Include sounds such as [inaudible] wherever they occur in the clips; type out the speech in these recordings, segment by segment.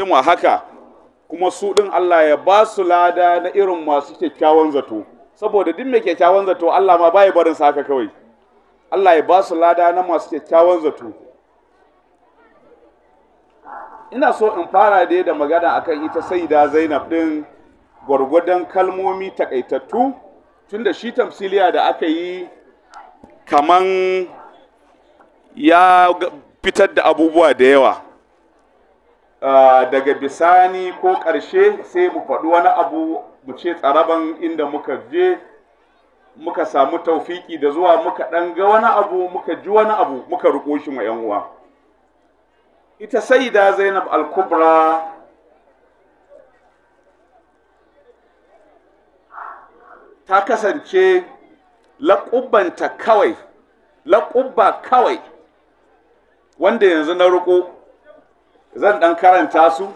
mu haka kuma su ɗin Allah ya ba su lada na irin masu kyakkyawan zato saboda duk mai kyakkyawan zato Allah ma bai barin sa haka kawai Allah ya ba su lada na masu kyakkyawan zato ina so in fara dai da magana akan ita sai da Zainab ɗin gwargwadon kalmomi takaitattu tunda shi tamsiliya da aka yi kaman ya fitar da abubuwa da yawa Ah, daga bisani ko ƙarshe sai mu faɗi wani abu mu ce tsaraban inda muka je muka samu taufiki da zuwa muka ɗan ga wani abu muka ji wani abu muka riƙo shi ma 'yan uwa ita sai da zainab al-kubra ta kasance laƙubbanta kawai laƙubba kawai wanda yanzu na ruko zan ɗan karanta su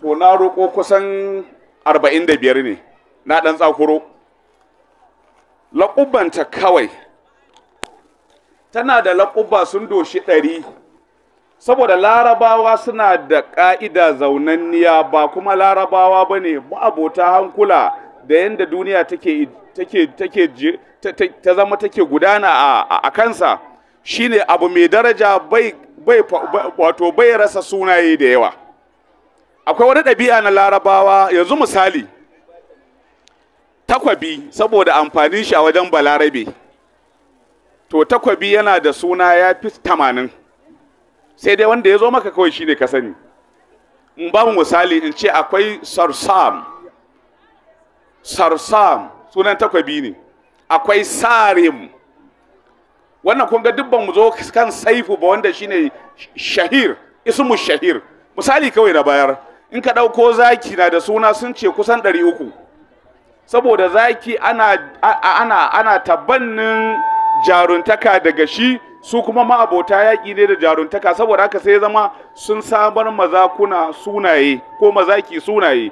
to na roƙo kusan arba'in da biyar ne na ɗan tsakuro laƙubanta kawai tana da laƙuba sun doshi ɗari saboda larabawa suna da ƙa'ida zaunanniya ba kuma larabawa ba ne abota hankula da yadda duniya ta zama take gudana a kansa shine abu mai daraja bai wato bai rasa sunaye da yawa akwai wani ɗabi'a na larabawa yanzu misali takwabi saboda amfanin shi a wajen balarabe to takwabi yana da suna ya fi tamanin sai dai wanda ya zo maka kawai shi ne ka sani in ba mu misali in ce akwai sarsam sarsam sunan takwabi ne akwai sarim wannan kun ga dubban mu zo kan saifu ba wanda shine shahir ismu shahir misali kawai na bayar in ka ɗauko zaki na da suna sun ce kusan ɗari uku saboda zaki ana ana ana tabannin jaruntaka daga shi su kuma ma'abota yaƙi ne da jaruntaka saboda haka sai zama sun samar mazakuna sunaye ko mazaki sunaye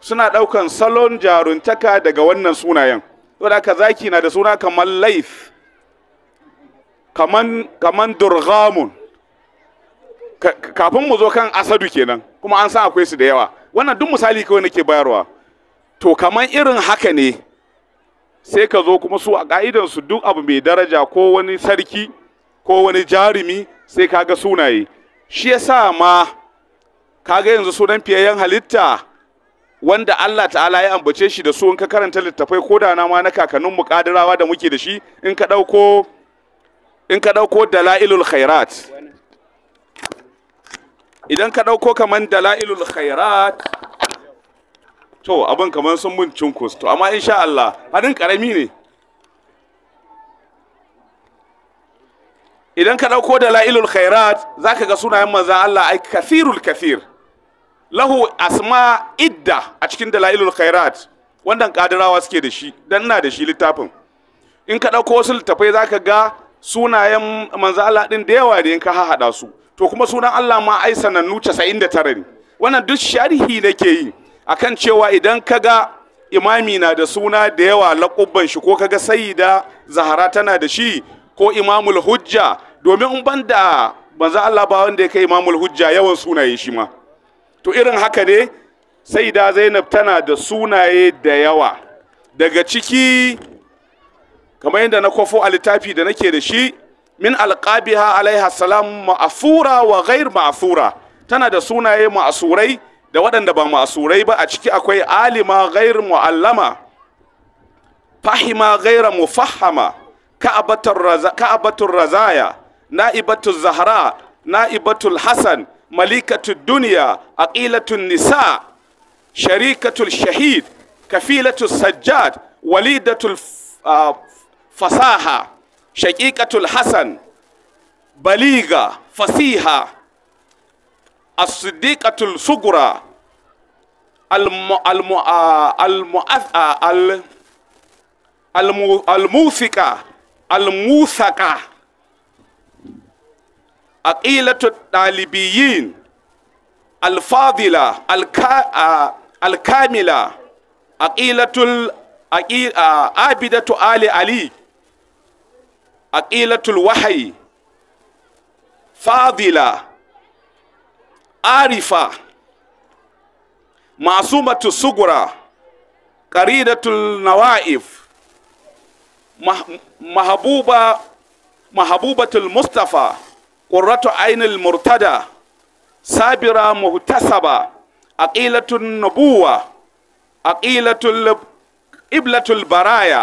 suna ɗaukan salon jaruntaka daga wannan sunayen saboda haka zaki na da suna kamar laif kaman durgamun kafin mu zo kan asadu kenan kuma an san akwai su da yawa wannan duk misali kawai nake bayarwa to kaman irin haka ne sai ka zo kuma su a ka'idan su duk abu mai daraja ko wani sarki ko wani jarumi sai ka ga sunaye shi yasa ma ka ga yanzu sunan fiyayyen halitta wanda Allah ta'ala ya ambace shi da su in ka karanta littafai ko da na ma na kakannin mu kadirawa da muke da shi in ka ɗauko in ka ɗauko dala'ilul khairat idan ka ɗauko kamar dala'ilul khairat to abin kaman sun mun cunkus to amma insha Allah hannun ƙarami ne idan ka ɗauko dala'ilul khairat za ka ga sunayen manzan Allah ai kafirul kafir, lahu asma idda a cikin dala'ilul khairat wannan ƙadirawa suke da shi don na da shi littafin in ka ɗauko wasu littafai za ka ga sunayen manzo Allah din da yawa ne in ka hahada su to kuma sunan Allah ma ai sanannu 99 ne wannan duk sharhi nake yi akan cewa idan ka ga imami na da suna da yawa laƙubban shi ko kaga sayyida zahara tana da shi ko imamul hujja domin in ban da manzo Allah ba wanda ya kai imamul hujja yawan sunaye shi ma to irin haka ne sayyida Zainab tana da sunaye da yawa daga ciki kamar yadda na kwafo a littafi da nake da shi min alƙabiha alaiha salam ma'afura wa ghair ma'afura tana da sunaye ma'asurai da waɗanda ba ma'asurai ba a ciki akwai alima ghair mu'allama fahima ghaira mufahama ka'abatul razaya na'ibatu zahra na'ibatul hasan malikatu dunya aqilatul nisa sharikatul shahid kafilatu sajjad walidatul ah, fasaha shaƙiƙatul hasan baliga fasiha as sugura al almusaka al-musaka aqilatul ɗalibiyin abidatu ali ali aqilatul wahayi fadila arifa masumatu sugura qaridatul nawa'if mahabuba mahabubatul mustafa qurratu ainil murtada sabira muhtasaba aqilatun nubuwa aqilatul iblatul baraya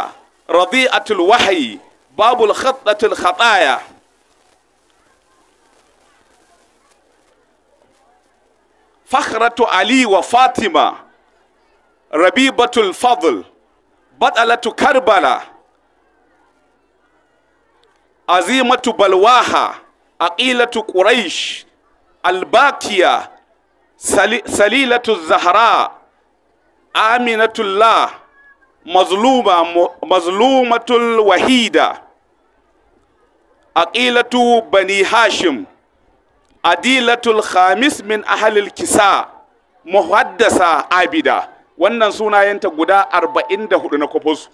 radi'atul wahyi باب الخطة الخطايا فخرة علي وفاطمة ربيبة الفضل بطلة كربلاء عظيمة بلواها عقيلة قريش الباكية سليلة الزهراء آمنة الله mazluba mazlumatul wahida aqilatu bani hashim adilatul khamis min ahalil kisa muhaddasa abida wannan sunayenta guda hudu na kwafosu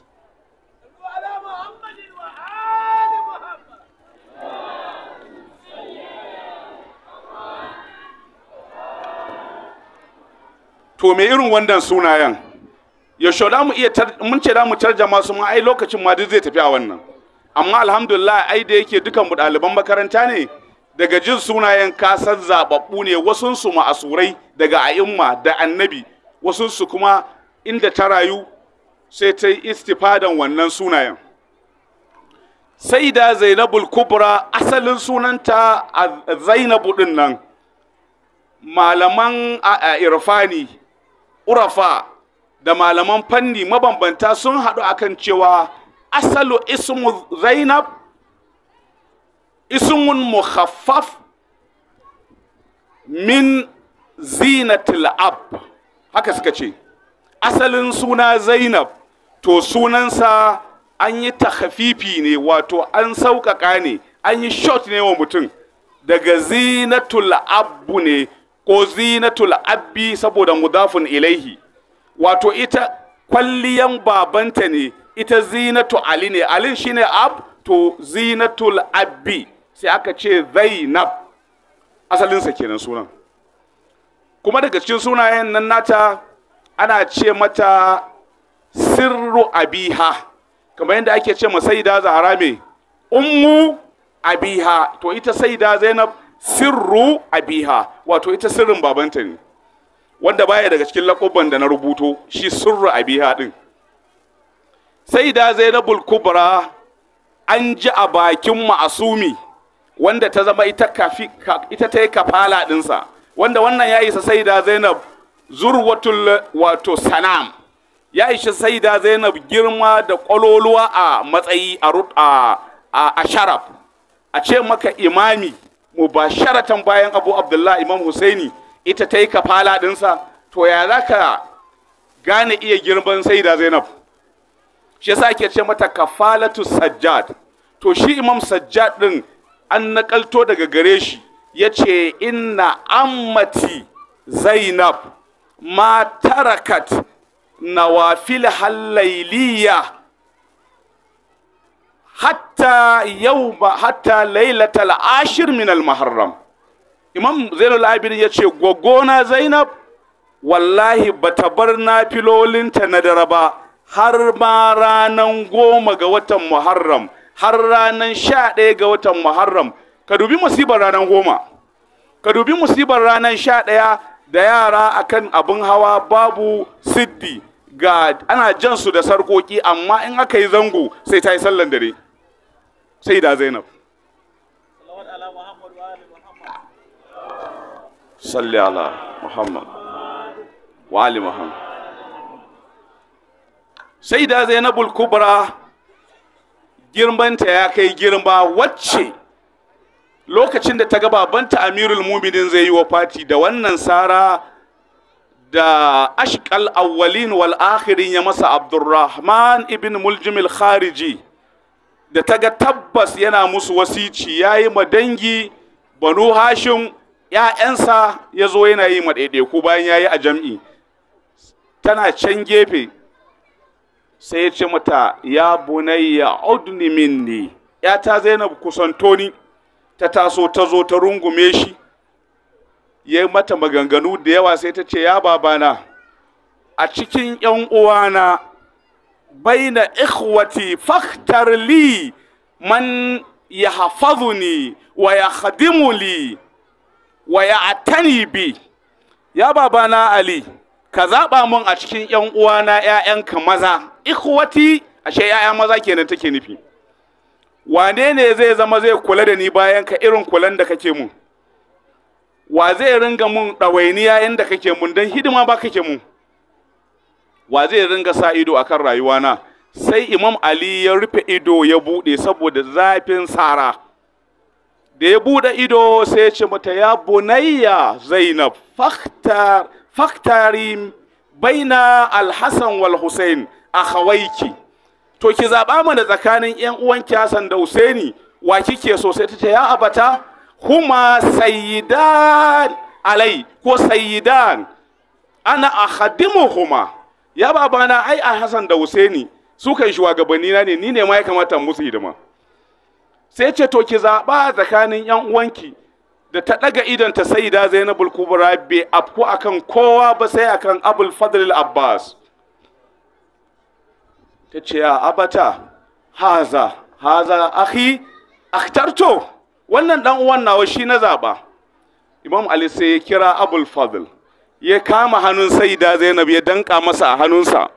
to mai irin wannan sunayen yaushe da mu iya mun ce da mu tarjama su ma ai lokacin ma duk zai tafi a wannan amma alhamdulillah ai da yake dukan mu ɗaliban makaranta ne daga jin sunayen kasan zababbu ne wasun su ma ma'asurai daga a'imma da annabi wasun su kuma inda ta rayu sai ta yi istifadan wannan sunayen sai da zainabul kubra asalin sunanta a zainabu din nan malaman irfani urafa da malaman fanni mabambanta sun haɗu akan cewa asalu ismu zainab ismun mukhaffaf min zinatul ab haka suka ce asalin suna zainab to sunansa an yi takhafifi ne wato an sauƙaƙa ne an yi shot ne wa mutum daga zinatul abu ne ko zinatul abbi saboda mudafin ilaihi wato ita kwalliyan babanta ne ita zinatu ali ne alin shine ab to zinatul abbi sai aka ce zainab asalinsa kenan sunan kuma daga cikin sunayen nan nata ana ce mata sirru abiha kamar yadda ake ce ma saida zahara me ummu abiha to ita saida zainab sirru abiha wato ita sirrin babanta ne wanda baya daga cikin lakubban da na rubuto shi surra a abiha din sai da zainabul kubra an ji a bakin ma'asumi wanda ta zama ita kafi ita ta yi kafala dinsa wanda wannan ya isa sai da zainab zurwatul wato sanam ya isa sai da zainab girma da kwaloluwa a matsayi a a sharaf a ce maka imami mubasharatan bayan abu abdullahi imam husaini ita ta yi kafala ɗinsa to ya za ka gane iya girman sai da zainab shi yasa ake ce mata kafalatu sajjad to shi imam sajjad ɗin an nakalto daga gare shi ya ce inna ammati zainab ma tarakat nawafil hallailiya hatta yau hatta lailatal ashir min al-muharram imam zainul abidin ya ce gogona zainab wallahi ba ta bar na filolinta na dare ba har ma ranar goma ga watan muharram har ranan sha ɗaya ga watan muharram ka dubi musibar ranan goma ka dubi musibar ranan sha ɗaya da yara akan abin hawa babu siddi ga ana jan su da sarkoki amma in aka yi zango sai ta yi sallan dare sai da zainab صل على محمد وعلى Muhammad. سيدة زينب الكبرى girmanta ya kai girma wacce lokacin da ta ga babanta amirul muminin zai yi wa fati da wannan sara da ashkal awwalin wal akhirin ya masa abdurrahman ibn muljimil khariji da ta ga tabbas yana musu wasici ya yi ma dangi banu hashim ‘ya'yansa ya zo yana yi maɗaiɗaiku bayan ya yi a jam'i tana can gefe sai ya ce mata ya bunayya udni minni ya ta zainab kusanto ni ta taso ta zo ta rungume shi ya mata maganganu da yawa sai ta ce ya babana a cikin ‘yan uwana baina ikhwati faktar li man ya ni wa ya li. wa atani bi ya babana ali ka zaba mun a cikin yan uwana ƴaƴanka maza ikhwati ashe ƴaƴa maza kenan take nufi wane ne zai zama zai kula da ni bayan ka irin kulan da kake mun wa zai ringa mun ɗawainiya da kake mun don hidima ba kake mun wa zai ringa sa ido akan rayuwana sai imam ali ya rufe ido ya buɗe saboda zafin sara da ya buɗe ido sai ya ce mata ya bunayya zainab faktari baina alhassan wal husain a hawaiki to ki zaɓa mana tsakanin yan ki hassan da husaini wa kike so sai ta ce ya abata huma sayidan alai ko sayidan ana a kuma ya babana ai a hassan da husaini su kan shugabanni na ne ni ne ma ya kamata musu hidima sai ce to ki zaɓa tsakanin yan uwanki da ta ɗaga idon ta sai da zainabul kubra bai afku akan kowa ba sai akan abul fadlil abbas ta ce ya abata haza haza akhi akhtarto wannan dan uwan nawa shi na zaɓa imam ali sai ya kira abul fadl ya kama hannun sai saida zainab ya danka masa a hannunsa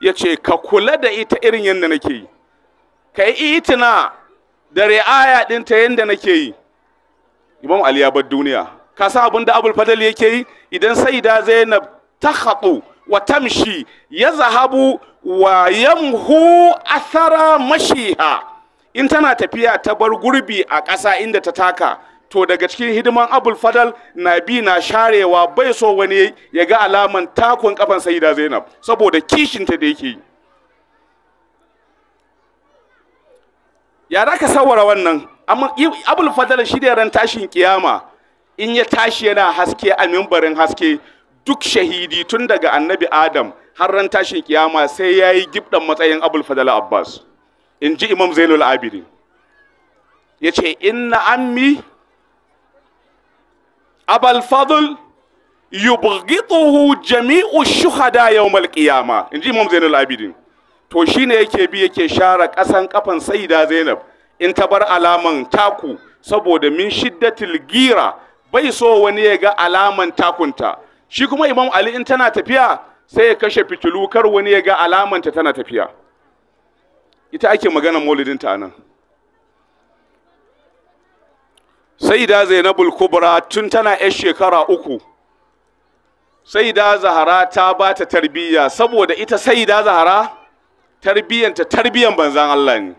ya ce ka kula da ita irin yadda nake yi ka yi itina da ri'aya ɗinta yadda nake yi imam ali ya duniya ka san abin da abul fadal yake yi idan saida zainab ta haɗu wa tamshi ya zahabu wa yamhu athara mashiha in tana tafiya ta bar gurbi a ƙasa inda ta taka to daga cikin hidiman abul fadal na bi na sharewa bai so wani ya ga alaman takon kafan saida zainab saboda kishinta da yake yi ya za ka sawara wannan abul fadala shi da ran tashin kiyama in ya tashi yana haske a mimbarin haske duk shahidi tun daga annabi adam har ran tashin kiyama sai ya yi gibdan matsayin abul fadala abbas in ji imam zainul abidin ya ce inna ammi abul fadl jami'u shuhada yawmal qiyama in ji imam zainul abidin to shi ne yake bi yake share ƙasan kafan saida zainab in ta bar alaman taku saboda min shiddatil gira bai so wani ya ga alaman takunta shi kuma imam ali in tana tafiya sai ya kashe fitilu kar wani ya ga alamanta tana tafiya ita ake magana maulidinta ta nan. saida zainabul kubra tun tana yar shekara uku saida zahara ta ba ta tarbiyya saboda ita saida zahara tarbiyyanta tarbiyyan banzan Allah ne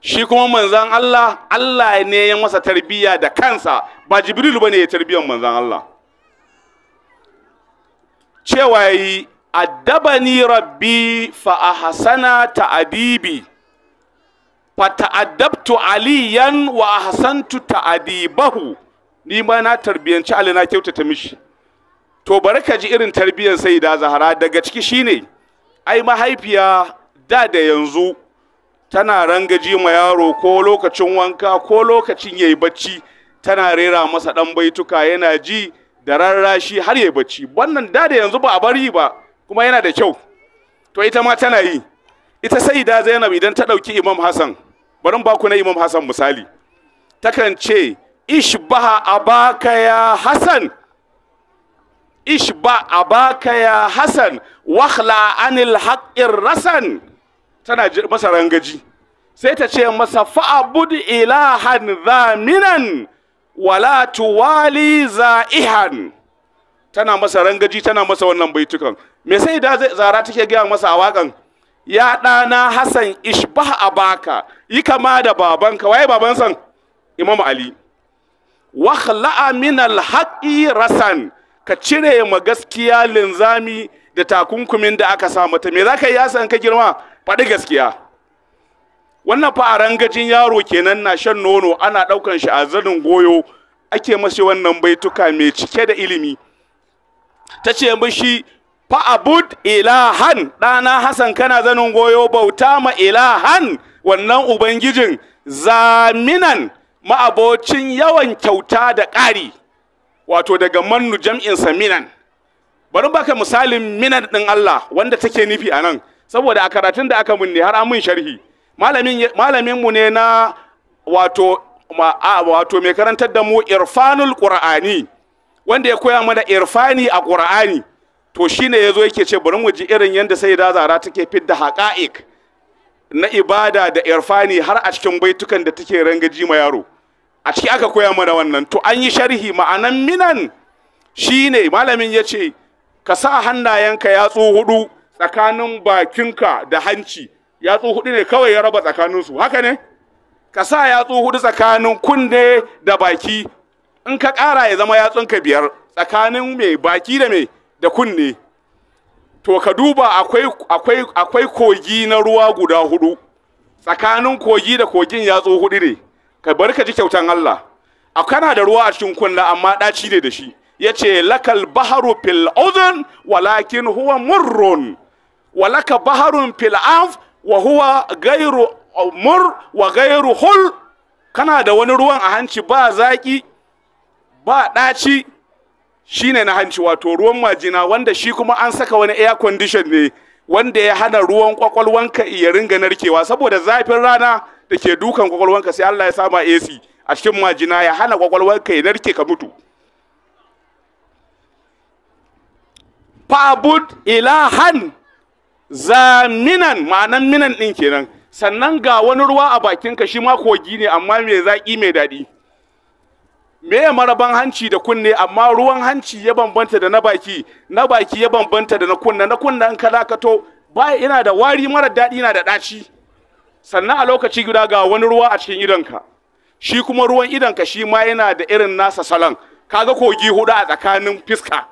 shi kuma manzan Allah Allah ne ya masa tarbiyya da kansa ba Jibril ne ya tarbiyyan manzan Allah cewa yi addabani rabbi fa a ta ta'adibi fa ta'addabtu aliyan wa ta ta'adibahu ni ma na tarbiyanci Ali na kyautata mishi to bari ka ji irin tarbiyyar sai da Zahara daga ciki shine ai mahaifiya da da yanzu tana rangaji ma yaro ko lokacin wanka ko lokacin yayi bacci tana rera masa ɗan baituka yana ji da rarrashi har yayi bacci wannan da da yanzu ba a bari ba kuma yana da kyau to ita ma tana yi ita sai da Zainab idan ta ɗauki Imam Hassan bari ba ku na Imam Hassan misali takan ce ishbaha abaka ya Hassan ishba abaka ya Hassan wakhla anil haqqir rasan tana masa rangaji sai ta ce masa fa'abud ilahan zaminan wala tuwali za'ihan tana masa rangaji tana masa wannan baitukan me sai da zara take gaya masa a wakan ya ɗana hassan ishbah abaka yi kama da babanka waye baban san imam ali wa khla'a min alhaqi rasan ka cire ma gaskiya linzami da takunkumin da aka sa mata me zaka yi san ka girma faɗi gaskiya wannan fa a rangajin yaro kenan na shan nono ana ɗaukan shi a zanin goyo ake mashi wannan baituka mai cike da ilimi ta ce mashi fa abud ilahan ɗana hasan kana zanin goyo bauta ma ilahan wannan ubangijin zaminan ma'abocin yawan kyauta da ƙari wato daga mannu jam'insa minan bari baka misalin minan ɗin Allah wanda take nufi a nan saboda a karatun da aka munne har an sharhi malamin mu ne na wato wato mai karantar da mu irfanul qur'ani wanda ya koya mana irfani a qur'ani to shine yazo yake ce bari mu ji irin yanda da zara take fidda haqa'iq na ibada da irfani har a cikin baitukan da take rangaji ma yaro a ciki aka koya mana wannan to an yi sharhi ma'anan minan shine malamin ya ce ka sa hannayenka yatsu hudu tsakanin bakinka da hanci yatsu hudu ne kawai ya raba tsakaninsu haka ne ka sa yatsu hudu tsakanin kunne da baki in ka ƙara ya zama yatsunka biyar tsakanin mai baki da mai da kunne to ka duba akwai akwai akwai kogi na ruwa guda hudu tsakanin kogi da kogin yatsu hudu ne ka bar ka ji kyautan Allah a kana da ruwa a cikin kunna amma ɗaci ne da shi yace lakal baharu fil walakin huwa murrun walaka baharun fil anf wa huwa gairu mur wa gairu hul kana da wani ruwan a hanci ba zaki ba ɗaci shine na hanci wato ruwan majina wanda shi kuma an saka wani air condition ne wanda ya hana ruwan kwakwalwanka ya ringa narkewa saboda zafin rana da ke dukan kwakwalwanka sai Allah ya sama AC a cikin majina ya hana kwakwalwanka ya narke ka mutu fa'bud ilahan zaminan ma'anan minan ɗin kenan sannan ga wani ruwa a bakinka shi ma kogi ne amma mai zaƙi mai daɗi me ya maraban hanci da kunne amma ruwan hanci ya bambanta da na baki na baki ya bambanta da na kunna na kunna in ka dakato baya ina da wari mara daɗi na da ɗaci sannan a lokaci guda ga wani ruwa a cikin idonka shi kuma ruwan idonka shi ma yana da irin nasa salon kaga kogi hudu a tsakanin fiska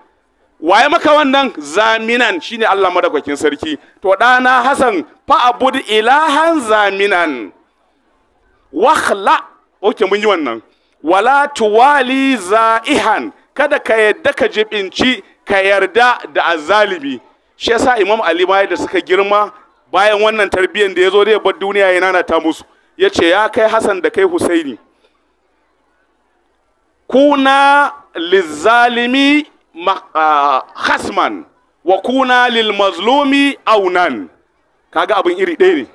waye maka wannan zaminan shine Allah madaukakin sarki to dana Hassan fa abud ilahan zaminan wakhla oke mun yi wannan wala tuwali za'ihan kada ka yadda ka jibinci ka yarda da azalibi shi yasa Imam Ali ma da suka girma bayan wannan tarbiyyar da ya zo da bar duniya ya ta musu ya ce ya kai Hassan da kai Husaini kuna lizalimi. Ah, hasman wa kuna lil mazlumi aunan kaga abin iri ɗaya ne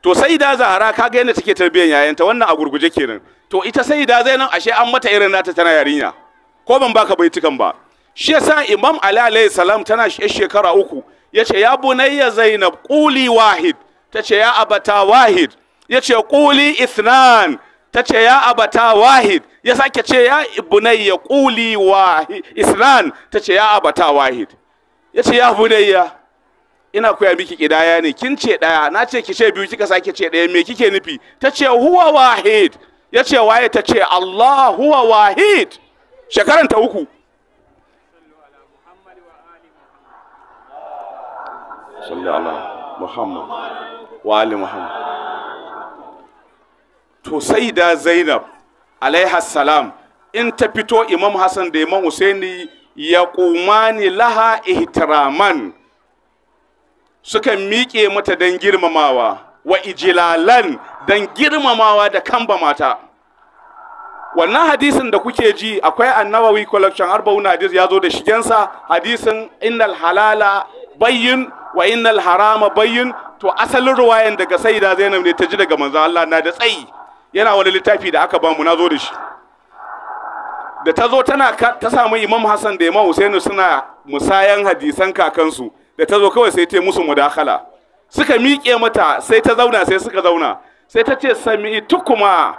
to sai da zahara kaga yadda take tarbiyyar yayanta wannan a gurguje kenan to ita sai da zainan ashe an mata irin nata tana yarinya ko ban baka baitukan ba shi yasa imam ali alayhi salam tana shekara uku yace ya bunayya zainab quli wahid tace ya abata wahid yace quli ithnan tace ya abata wahid ya sake ce ya ibnayya quli wa isnan ce ya abata wahid ce ya bunayya ina koya miki kidaya ne kin ce daya na ce ki ce biyu kika sake ce daya me kike nufi Ta ce huwa wahid ce waye ta ce Allah huwa wahid shekaran ta uku salli ala muhammad wa ali muhammad to sai da zainab alaiha salam in ta fito imam hassan da imam husaini ya kumani laha ihtiraman suka miƙe mata don girmamawa wa ijilalan don girmamawa da kamba mata wannan hadisin da kuke ji akwai annawawi collection arba'un hadis ya zo da shigensa hadisin innal halala bayyin wa innal harama bayyin to asalin ruwayan daga sai da zainab ne ta ji daga manzo Allah na da tsayi yana wani littafi da aka bamu na zo da shi da ta zo tana ta samu imam hassan da imam husainu suna musayan hadisan kakansu da ta zo kawai sai ta musu mudakala suka miƙe mata sai ta zauna sai suka zauna sai ta ce sami tukuma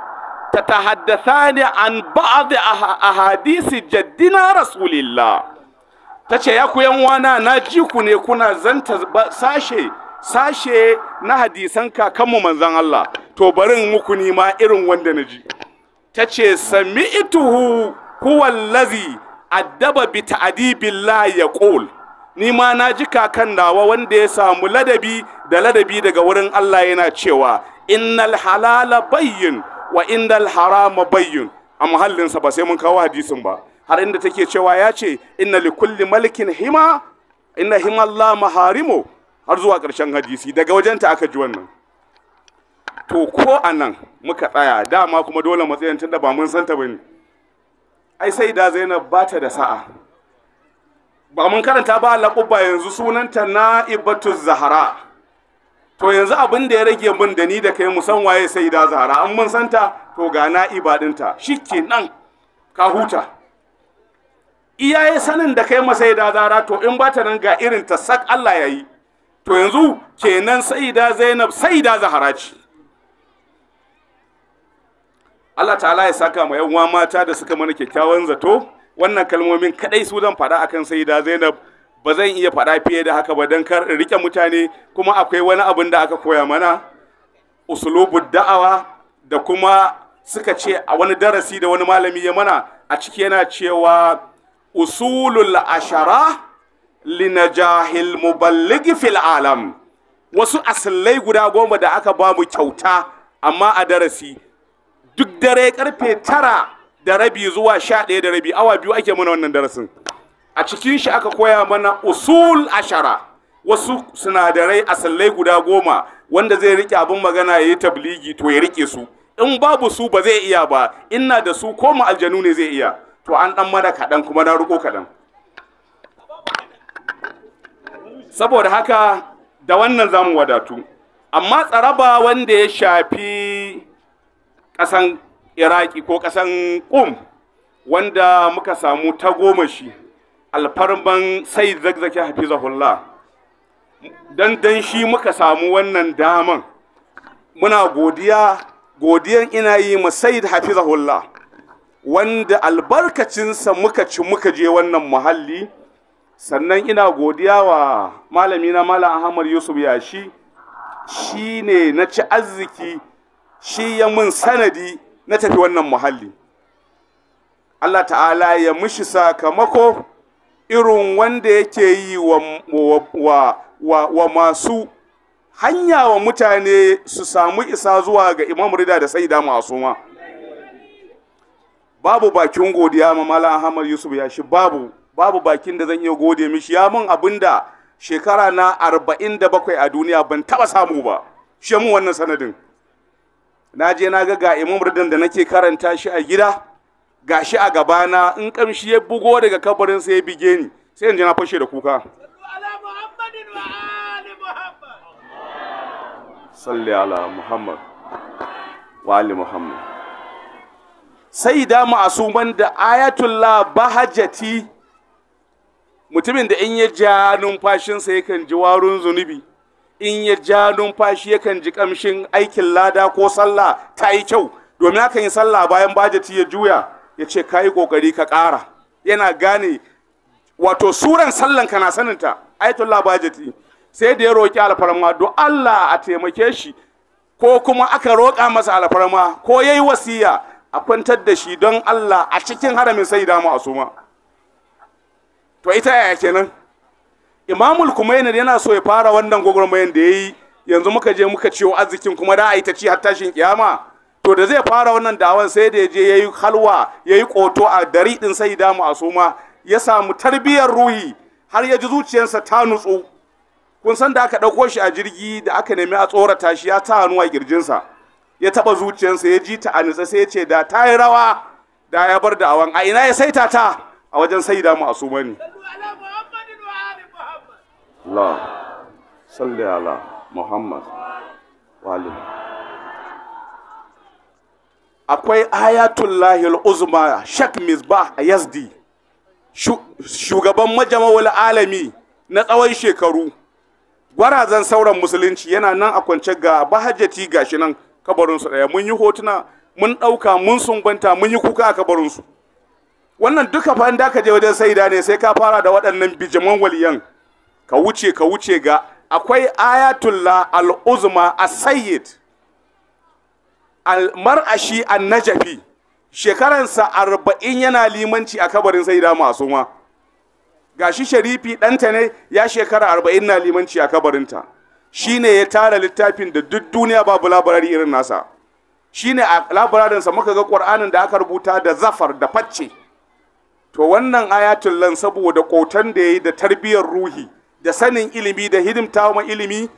ta tahaddatha ne an ba'ad ahadisi jaddina rasulillah ta ce ya ku yan wana na ji ku ne kuna zanta sashe sashe na hadisan kakanmu manzon Allah to barin muku nima irin wanda na ji ta ce sami'tuhu huwa allazi addaba bi ya yaqul ni ma na ji kakan nawa wanda ya samu ladabi da ladabi daga wurin Allah yana cewa innal halala bayyin wa innal harama bayyin a muhallinsa ba sai mun kawo hadisin ba har inda take cewa ya ce inna li kulli malikin hima inna Allah maharimu har zuwa ƙarshen hadisi daga wajenta aka ji wannan to ko a nan muka tsaya dama kuma dole matsayin da ba mun santa ba ne ai sai da zainab ba ta da sa'a ba mun karanta ba laƙuba yanzu sunanta na'ibatu zahara to yanzu abin da ya rage mun da ni da kai mu san waye sai da zahara an mun santa to ga na'iba ɗinta ke nan ka huta iyaye sanin da kai sai da zahara to in ba ta nan ga irin ta sak Allah ya yi to yanzu kenan sai da zainab sai da zahara ce Allah ta'ala ya saka ma yan mata da suka mana kyakkyawan zato wannan kalmomin kadai su zan faɗa akan sai da Zainab ba zan iya faɗa fiye da haka ba don kar in rike mutane kuma akwai wani abin da aka koya mana usulubu da'awa da kuma suka ce a wani darasi da wani malami ya mana a ciki yana cewa usulul ashara linajahil muballigi fil alam wasu asalai guda goma da aka ba mu kyauta amma a darasi duk dare karfe tara da rabi zuwa sha ɗaya da rabi awa biyu ake mana wannan darasin a cikin shi aka koya mana usul ashara wasu sinadarai asallai guda goma wanda zai rike abin magana ya yi tabligi to ya riƙe su in babu su ba zai iya ba ina da su ko mu aljanu ne zai iya to an dan mana kaɗan kuma na ruko kaɗan saboda haka da wannan zamu wadatu amma tsaraba wanda ya shafi ƙasan iraki ko ƙasan ƙum wanda muka samu ta goma shi alfarman sai zagzake hafizahullah dan Dandan shi muka samu wannan daman muna godiya godiyan ina yi ma sayyid hafizahullah wanda albarkacinsa muka ci muka je wannan muhalli sannan ina godiya wa malamina malam ahmad yusuf yashi shi ne na ci arziki shi ya mun sanadi na tafi wannan muhalli Allah ta'ala ya mushi sakamako irin wanda yake yi wa, wa, wa, wa masu hanya wa mutane su samu isa zuwa ga imam rida da sai masu ma babu bakin godiya ma mala ahmad yusuf ya shi babu babu bakin da zan iya gode mishi ya mun abinda shekara na arba'in da bakwai a duniya ban taba samu ba shi mun wannan sanadin na je na ga ga imam da nake karanta shi a gida ga shi a gabana in kamshi ya bugo daga kabarin sai ya bige ni sai in je na fashe da kuka salli ala muhammad wa muhammad sai da ma'asuman da ayatullah bahajati mutumin da in ya ja numfashinsa yakan ji warun zunubi in ya ja numfashi yakan ji kamshin aikin lada ko sallah ta yi kyau domin haka yi sallah bayan bajeti ya juya ya ce ka yi ƙoƙari ka ƙara yana gane wato suran sallan ka na saninta ayatollah bajeti sai da ya roƙi alfarma don allah a taimake shi ko kuma aka roƙa masa alfarma ko ya yi wasiya a kwantar da shi don allah a cikin haramin sai dama a suma to ita yaya kenan imamul kumaini yana so ya fara wannan gwagwarmayan da ya yi yanzu muka je muka ciwo arzikin kuma da a yi ta ci har tashin kiyama to da zai fara wannan dawon sai da ya je ya yi halwa ya yi koto a dari ɗin sai damu a suma ya samu tarbiyyar ruhi har ya ji zuciyarsa ta nutsu kun san da aka ɗauko shi a jirgi da aka nemi a tsorata shi ya ta hannu a kirjinsa ya taɓa zuciyarsa ya ji ta a nutsa sai ya ce da ta yi rawa da ya bar da awan a ina ya saita ta a wajen sai damu a suma ne اللهم صل على محمد وعلي akwai ayatullahi uzma shak misbah a yazdi shugaban majamawar alami na tsawon shekaru gwarazan sauran musulunci yana nan a kwance ga bahajjati gashi nan kabarinsu ɗaya mun yi hotuna mun ɗauka mun sumbanta mun yi kuka a kabarinsu wannan duka fa da ka je wajen saida ne sai ka fara da waɗannan bijiman waliyan ka wuce ka wuce ga akwai ayatullah aluzma a sayyid a marashi an-najafi shekaransa arba'in yana limanci a kabarin sai da masu ma gashi sharifi ɗanta ne ya shekara arba'in na limanci a kabarinta shi ne ya tara littafin da duk duniya babu labarari irin nasa shi ne a labararinsa muka ga ƙur'anin da aka rubuta da zafar da facce to wannan ayatullan saboda kotan da ya yi da tarbiyyar ruhi da sanin ilimi da hidimta wa ilimi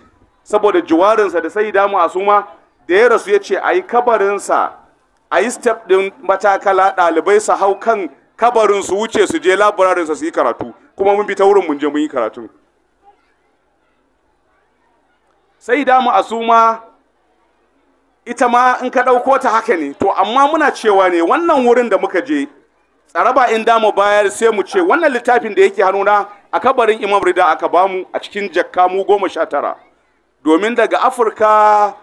saboda juwarinsa da sai damu a suma da ya rasu ya ce a yi kabarinsa a yi step ɗin matakala ɗalibai su hau kan kabarin su wuce su je labararinsa su yi karatu kuma mun bi ta wurin mun je mun yi karatu sai damu a suma ita ma in ka ɗauko ta haka ne to amma muna cewa ne wannan wurin da muka je tsaraba in damu bayar sai mu ce wannan littafin da yake hannuna a kabarin imam rida aka bamu a cikin jakka mu goma sha tara domin daga afirka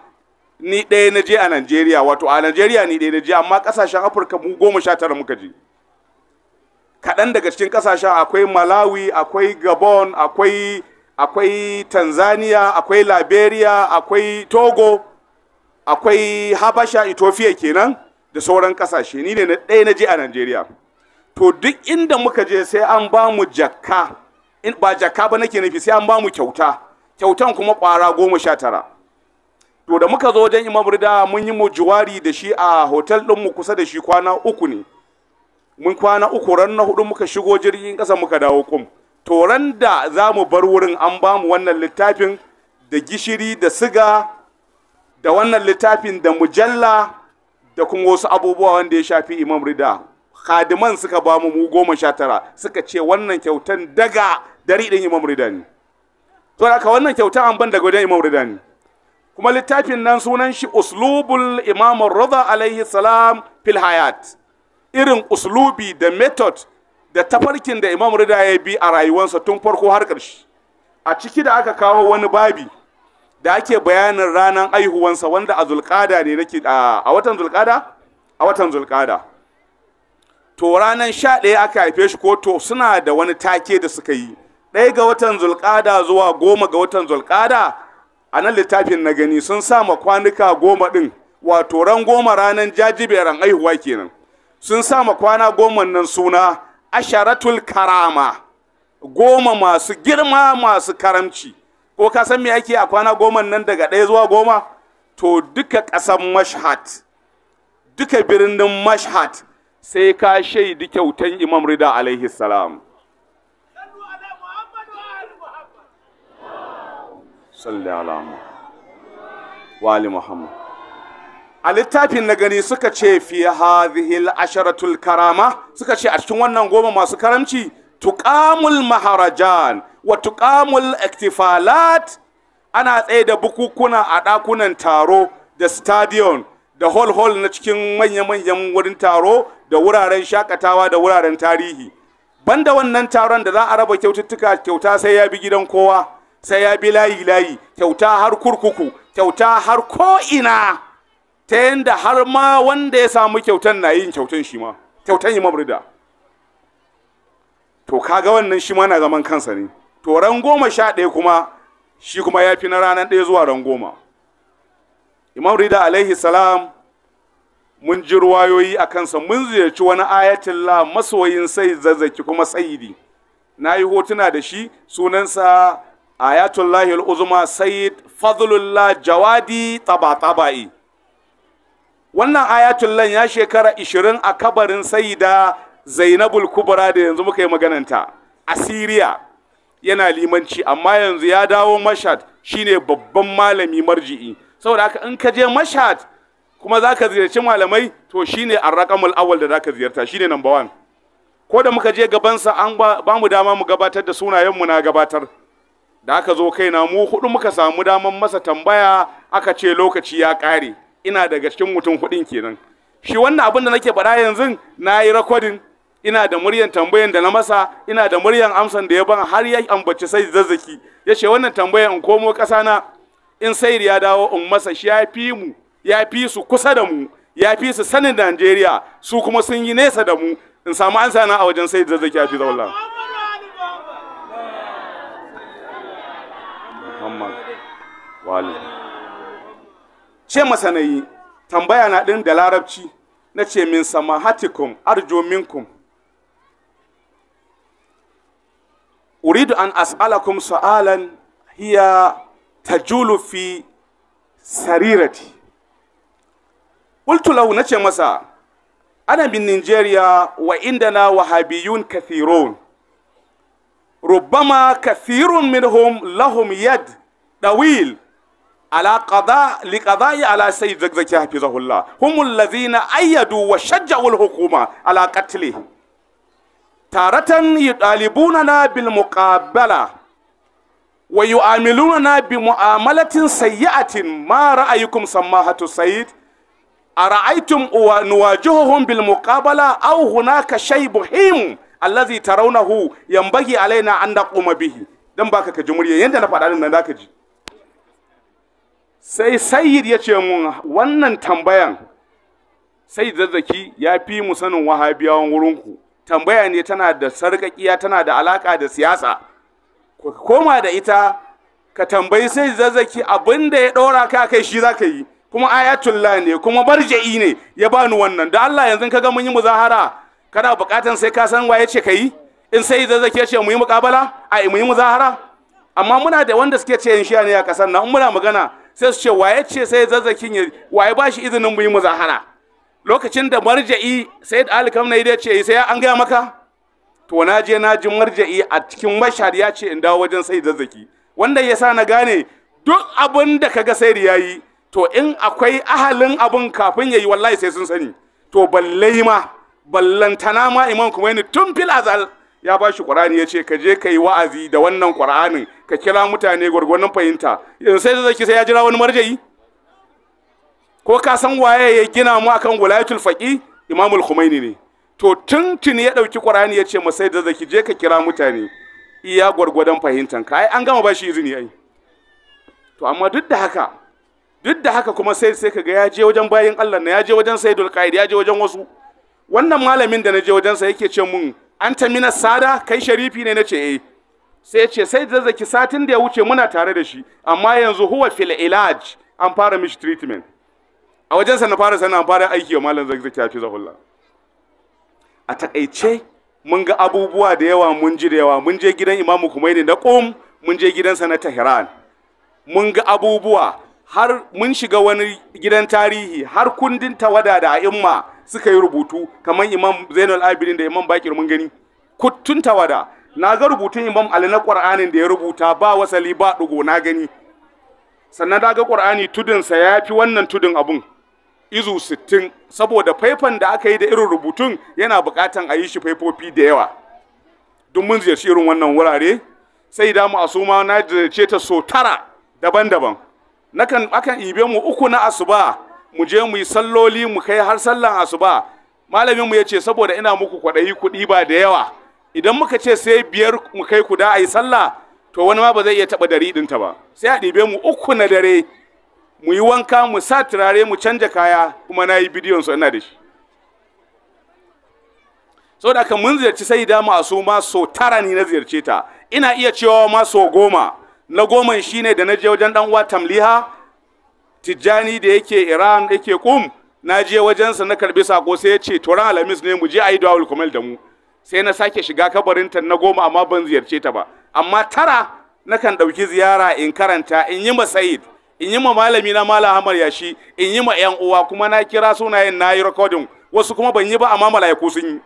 ni ɗaya na je a najeriya wato a najeriya ni ɗaya na je amma ƙasashen afirka mu goma sha tara muka je kaɗan daga cikin ƙasashen akwai malawi akwai gabon akwai akwai tanzania akwai liberia akwai togo akwai habasha ethiopia kenan da sauran ƙasashe ni ne na ɗaya na je a najeriya to duk inda muka je sai an bamu mu jakka in ba jaka ba nake nufi sai an ba mu kyauta kyautan kuma ɓara goma sha tara to da muka zo wajen imam rida mun yi mu juwari da shi a hotel mu kusa da shi kwana uku ne mun kwana uku ran na hudu muka shigo jirgin kasa muka dawo kum to ran da za mu bar wurin an ba mu wannan littafin da gishiri da siga da wannan littafin da mujalla da kuma wasu abubuwa wanda ya shafi imam rida khadiman suka ba mu mu goma sha tara suka ce wannan kyautan daga dari ɗin imam ridani to haka wannan kyautan an ban daga wajen imam ridani kuma littafin nan sunan shi uslubul imam rida alaihi salam fil hayat irin uslubi da method da tafarkin da imam rida ya bi a rayuwarsa tun farko har ƙarshe a ciki da aka kawo wani babi da ake bayanin ranar aihuwansa wanda a zulƙada ne nake a watan zulƙada a watan zulƙada to ranan sha ɗaya aka haife shi ko to suna da wani take da suka yi ɗaya ga watan zulƙada zuwa goma ga watan zulƙada a nan littafin na gani sun sa ma kwanuka goma ɗin wato ran goma ranar jajiberan aihuwa kenan sun sa ma kwana goma nan suna asharatul karama goma masu girma masu karamci ko ka san me ake a kwana goma nan daga ɗaya zuwa goma to duka ƙasar mashhad duka birnin mashhad sai ka shaidi kyautan Imam Rida alaihi salam. A littafin na gani suka ce fi hazihil asharatul karama suka ce a cikin wannan goma masu karamci tuqamul maharajan wa tuqamul iktifalat ana tsaye da bukukuna a ɗakunan taro da stadion da hall hall na cikin manya-manyan wurin taro da wuraren shakatawa da wuraren tarihi banda wannan taron da za a raba kyaututtuka kyauta sai ya bi gidan kowa sai ya bi layi layi kyauta har kurkuku kyauta har ko'ina ta yadda har ma wanda ya samu kyautan na yin kyautan shi ma kyautan yi mabrida to kaga wannan shi ma na zaman kansa ne to ran goma sha ɗaya kuma shi kuma ya fi na ranar ɗaya zuwa ran goma imam rida alaihi salam mun ji ruwayoyi a kansa mun ziyarci wani ayatin la masoyin sai zazzaki kuma sayidi na yi hotuna da shi sunansa ayatullahi al'uzuma sayid fadlullah jawadi taba-taba'i wannan ayatullah ya shekara 20 a kabarin sayida zainabul kubra da yanzu muka yi magananta a siriya yana limanci amma yanzu ya dawo mashad shine babban malami marji'i saboda haka in ka je mashad kuma za ka ziyarci malamai to shine arraƙamul awal da za ka ziyarta ne number one ko da muka je gabansa an ba mu dama mu gabatar da sunayenmu na gabatar da aka zo kaina mu hudu muka samu daman masa tambaya aka ce lokaci ya ƙare ina daga cikin mutum hudun kenan shi wannan abin da nake faɗa yanzu na yi rakodin ina da muryan tambayan da na masa ina da muryan amsan da ya ban har ya ambaci sai zazzaki ya ce wannan tambayan in komo ƙasa na in sai ya dawo in masa shi ya fi mu ya fi su kusa da mu ya fi su sanin Najeriya su kuma sun yi nesa da mu in samu an sana a wajen sai zazzaki ya fi zaula ce masanayi tambaya na ɗin da larabci na ce min sama samahatikum arjo minkum uridu an as'alakum su'alan hiya tajulu fi sarirati qultu lahu nace masa ana min Nigeria wa indana wahabiyun kathirun ربما كثير منهم لهم يد طويل على قضاء لقضاء على سيد زكزكي حفظه الله هم الذين أيدوا وشجعوا الحكومة على قتله تارة يطالبوننا بالمقابلة ويعاملوننا بمعاملة سيئة ما رأيكم سماحة السيد A ara'aytum wa nuwajihuhum bil muqabala aw hunaka shay muhim allazi tarawnahu yanbaghi alaina an naquma bihi dan baka ka ji murya yanda na faɗa din nan zaka ji sai sayyid ya ce mun wannan tambayan sai zazzaki ya fi mu sanin wahabiyawan ku. tambaya ne tana da sarkakiya, tana da alaƙa da siyasa koma da ita ka tambayi sai zazzaki abinda ya ɗora ka kai shi zaka yi kuma ayatullah ne kuma barja'i ne ya bani wannan da Allah yanzu kaga mun yi muzahara kana bukatan sai ka san waye ce kai in sai zake ce mu yi muƙabala a mu yi muzahara amma muna da wanda suke ce in shiya ne a kasan nan muna magana sai su ce waye ce sai zazzakin ya waye ba shi izinin mu yi muzahara lokacin da marja'i sai da alikam ya ce sai an gaya maka to na je na ji marja'i a cikin mashar ya ce in dawo wajen sai zazzaki wanda yasa na gane duk abin da kaga sai ya yi to in akwai ahalin abun kafin ya yi wallahi sai sun sani to ballai ma ballantana ma iman kuma ne tun fil azal ya ba shi qur'ani ya ce ka je ka yi wa'azi da wannan qur'anin ka kira mutane gwargwannin fahimta In sai zaki sai ya jira wani marjayi ko ka san waye ya gina mu akan wulayatul faqi imamul khumaini ne to tun tun ya dauki qur'ani ya ce mu sai zaki je ka kira mutane iya fahimtan fahimtanka ai an gama ba shi izini ai to amma duk da haka duk da haka kuma sai sai kaga ya je wajen bayin Allah na ya je wajen Saidul Qaid ya je wajen wasu wannan malamin da na je wajen sa yake ce mun an ta mina sada kai sharifi ne nace eh sai ya ce sai da zazzaki satin da ya wuce muna tare da shi amma yanzu huwa fil ilaj an fara mishi treatment a wajen sa na fara sana an fara aiki wa malam zazzaki zahulla a takaice mun ga abubuwa da yawa mun ji da yawa mun je gidan imamu kuma ne na qum mun je gidansa na tehran mun ga abubuwa har mun shiga wani gidan tarihi har kundin tawada da a'imma suka yi rubutu kamar imam zainal abidin da imam bakir mun gani kuttun tawada na ga rubutun imam ali na ƙwar'anin da ya rubuta ba wasali ba ɗugo na gani sannan na ga ƙwar'ani tudunsa ya fi wannan tudun abun izu sittin saboda faifan da aka yi da irin rubutun yana buƙatan a yi shi faifofi da yawa duk mun ziyarci irin wannan wurare sai da mu suma na ziyarce ta so tara daban-daban nakan akan ibe mu uku na asuba mu je mu yi salloli mu kai har sallan asuba malamin mu yace saboda ina muku kwaɗayi kuɗi ba da yawa idan muka ce sai biyar mu kai ku da ayi sallah to wani ma ba zai iya taba dari ta ba sai a ɗibe mu uku na dare mu yi wanka mu sa turare mu canja kaya kuma na yi bidiyon su ina da shi saboda haka mun ziyarci sai da masu ma so tara ni na ziyarce ta ina iya cewa ma so goma na goman shine da na je wajen dan uwa tamliha tijjani da yake iran yake kum na je wajensa na karbi sako sai ya ce turan alhamis ne mu je a yi dawul kumal da mu sai na sake shiga kabarinta na goma amma ban ziyarce ta ba amma tara na kan ɗauki ziyara in karanta in yi ma sa'id in yi ma malami na mala hamar yashi in yi ma yan uwa kuma na kira sunayen na yi rikodin wasu kuma ban yi ba amma mala'iku sun yi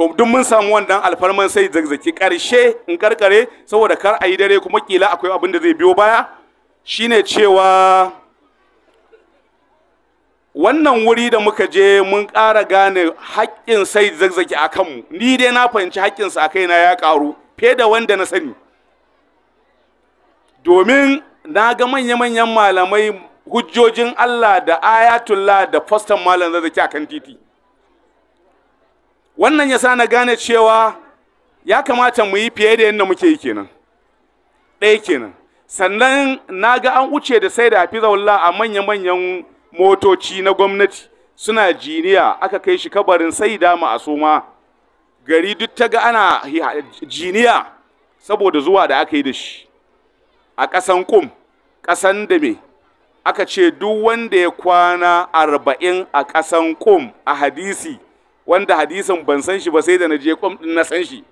to duk mun samu wannan alfarman sai zagzaki karshe in karkare saboda kar a yi dare kuma kila akwai abin da zai biyo baya shine cewa wannan wuri da muka je mun ƙara gane haƙƙin sai zagzaki a kanmu ni dai na fahimci haƙƙinsa a kaina ya ƙaru fiye da wanda na sani domin na ga manya-manyan malamai hujjojin Allah da ayatullah da fastan malam zazzaki a kan titi wannan ya sa na gane cewa ya kamata mu yi fiye da yadda muke yi kenan ɗaya kenan sannan na ga an wuce da sai da hafizahullah a manya-manyan motoci na gwamnati suna jiniya aka kai shi kabarin sai dama a soma gari duk ta ga ana jiniya saboda zuwa da aka yi da shi a ƙasan kum ƙasan da me aka ce duk wanda ya kwana arba'in a ƙasan kum a hadisi wanda hadisin ban san shi ba sai da na je kwam din na san shi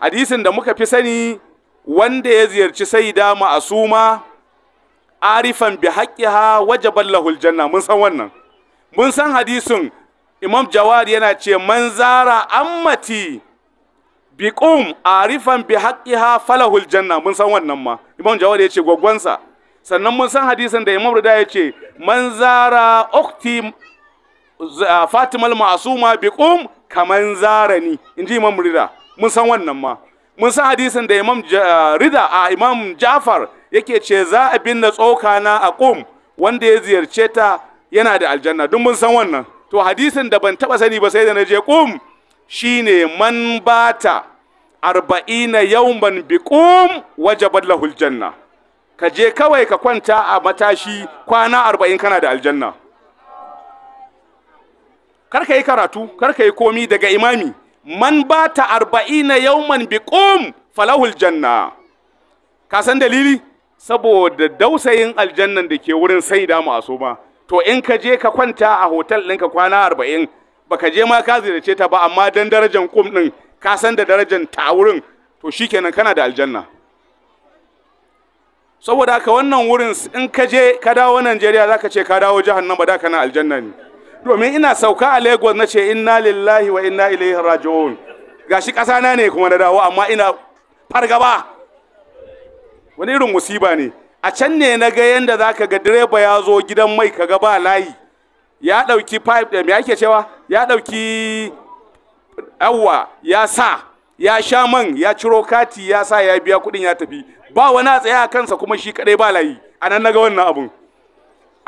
hadisin da muka fi sani wanda ya ziyarci sayyida ma'asuma arifan bi haqqiha wajaban lahul janna mun san wannan mun san hadisin imam jawad yana ce man zara ammati bi qum arifan bi haqqiha falahul janna mun san wannan ma imam jawad ya ce gwaggwansa sannan mun san hadisin da imam rida ya ce man zara ukti Ah, fatimal ma'asuma biqum kaman zarani inji imam rida mun san wannan ma mun san hadisin da imam ah, rida a ah, imam jafar yake ce za a tsoka na a qum wanda ya ziyarce ta yana da aljanna duk mun san wannan to hadisin da ban taba sani ba sai da na je qum shine man bata arba'ina yawman biqum wajabat lahul janna ka je kawai ka kwanta a matashi kwana arba'in kana da aljanna kar ka yi karatu kar ka yi komi daga imami man ba ta arba'ina yauman biqum falahul janna ka san dalili saboda dausayin aljannan da ke wurin sai da mu aso to in ka je ka kwanta a hotel ɗinka kwana arba'in baka je ma ka ziyarce ta ba amma dan darajar kum ɗin ka san da darajar ta wurin to shikenan kana da aljanna saboda ka wannan wurin in ka je ka dawo Najeriya ka ce ka dawo jihar jahannama da kana aljanna ne domin ina sauka a lagos na ce inna lillahi wa inna ilaihi raji'un gashi kasana na ne kuma na dawo amma ina fargaba wani irin musiba ne a can ne na ga yadda za ka ga direba ya zo gidan mai ka ba layi ya ɗauki pipe ya ake cewa ya ɗauki awa ya sa ya sha man ya ciro kati ya sa ya biya kuɗin ya tafi ba wani a tsaye a kansa kuma shi kaɗai ba layi a nan na ga wannan abun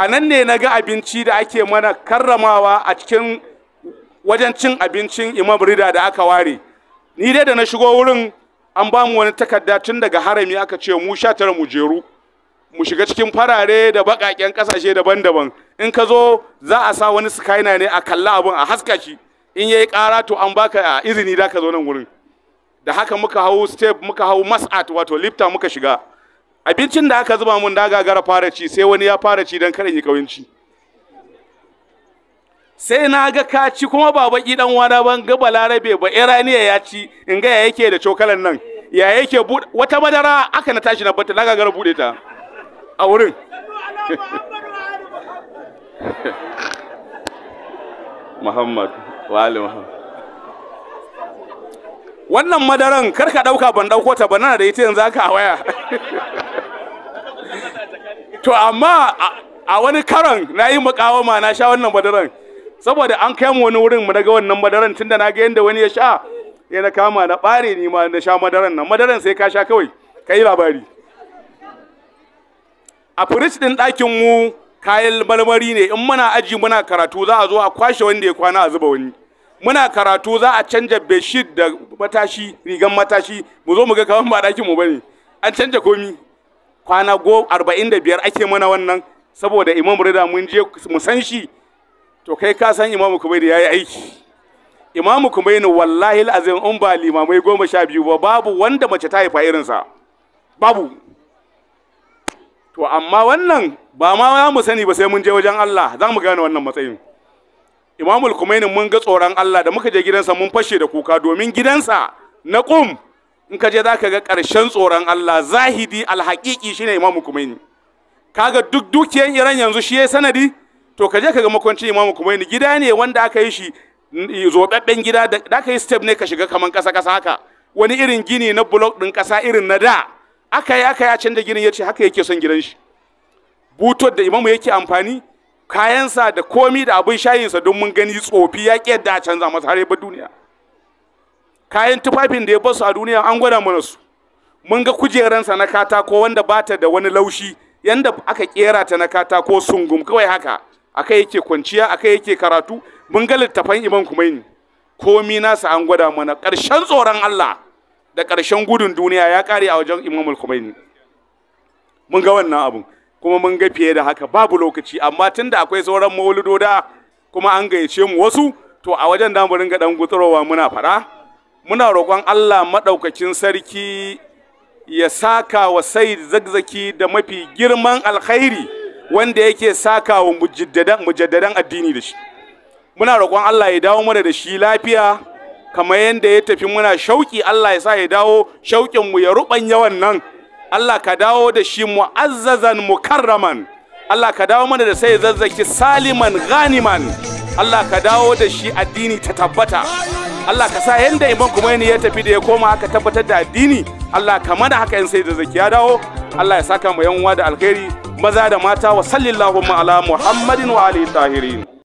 a nan ne na ga abinci da ake mana karramawa a cikin wajen cin abincin imam rida da aka ware ni dai da na shigo wurin an ba mu wani takarda tun daga harami aka ce mu sha tara mu jeru mu shiga cikin farare da baƙaƙen ƙasashe daban-daban in ka zo za a sa wani skyline ne a kalla abin a haska shi in yayi kara to an baka izini da ka zo nan wurin da haka muka hau step muka hau mas'at wato lifta muka shiga abincin da aka zuba mun aka gara fara ci sai wani ya fara ci don karin yi kawinci sai na ga ka ci kuma ba baki dan wani ban ga balarabe ba iraniya ya ci in ga ya yake da cokalan nan ya yake wata madara aka na tashi na bata na gagara bude ta a wurin [laughs] Muhammad wa Ali Muhammad wannan madaran kar ka ɗauka ban ɗauko ta banana da ita yanzu haka a waya [laughs] to amma a wani karon na yi mukawama na sha wannan madaran saboda an kai mu wani wurin mu daga wannan madaran tunda na ga yadda wani ya sha ya na kama na ɓare ni ma na sha madaran nan madaran sai ka sha kawai ka yi labari a firij ɗin ɗakin mu kayan marmari ne in muna aji muna karatu za a zo a kwashe wanda ya kwana a zuba wani muna karatu za a canja beshit da matashi rigan matashi mu zo mu ga kawan ba ɗakin mu bane an canja komi kwana go arba'in da biyar ake mana wannan saboda imam rida mun je mu san shi to kai ka san imamu kubaini ya yi aiki imamu kubaini wallahi azim um ba limamai goma sha biyu ba babu wanda mace ta haifa irinsa babu to amma wannan ba ma ya mu sani ba sai mun je wajen Allah za mu gane wannan matsayin imamul kumaini mun ga tsoron Allah da muka je gidansa mun fashe da kuka domin gidansa na ƙum in ka je za ga ƙarshen tsoron Allah zahidi alhaƙiƙi shine imamul kumaini kaga duk dukiyan iran yanzu shi ya sanadi to ka je ka ga makwancin imamul kumaini gida ne wanda aka yi shi mm, zoɓaɓɓen gida da aka yi step ne ka shiga kaman ƙasa kasa haka wani irin gini na block din kasa irin na da aka yi aka canza ginin ya ce haka yake son gidan shi butot da imamu yake amfani kayansa da komi da abin shayinsa don mun gani tsofi ya ƙi yadda a canza masa har ba duniya kayan tufafin da ya basu a duniya an gwada mana su mun ga kujeransa na katako wanda ba ta da wani laushi yanda aka kera ta na katako sungum kawai haka aka yake kwanciya aka yake karatu mun ga littafan kuma kumaini komi nasa an gwada mana ƙarshen tsoron Allah da ƙarshen gudun duniya ya ƙare a wajen imamul kumaini mun ga wannan abun kuma mun ga fiye da haka babu lokaci amma tunda akwai sauran mauludoda kuma an gayyace mu wasu to a wajen da mu ringa dan gutsurowa muna faɗa muna roƙon Allah maɗaukacin sarki ya saka wa sai zagzaki da mafi girman alkhairi wanda yake saka wa mujaddadan addini da shi muna roƙon Allah ya dawo mana da shi lafiya kamar yadda ya tafi muna shauƙi Allah ya sa ya dawo shaukin mu ya yawan nan. Allah ka dawo da shi mu'azzazan mukarraman Allah ka dawo mana da sai zazzaki saliman ganiman Allah ka dawo da shi addini ta tabbata Allah ka sa yanda imam kuma ya tafi da ya koma aka tabbatar da addini Allah ka mana haka yin sai zazzaki ya dawo Allah ya saka mu yan uwa da alkhairi maza da mata wa sallallahu ala muhammadin wa alihi tahirin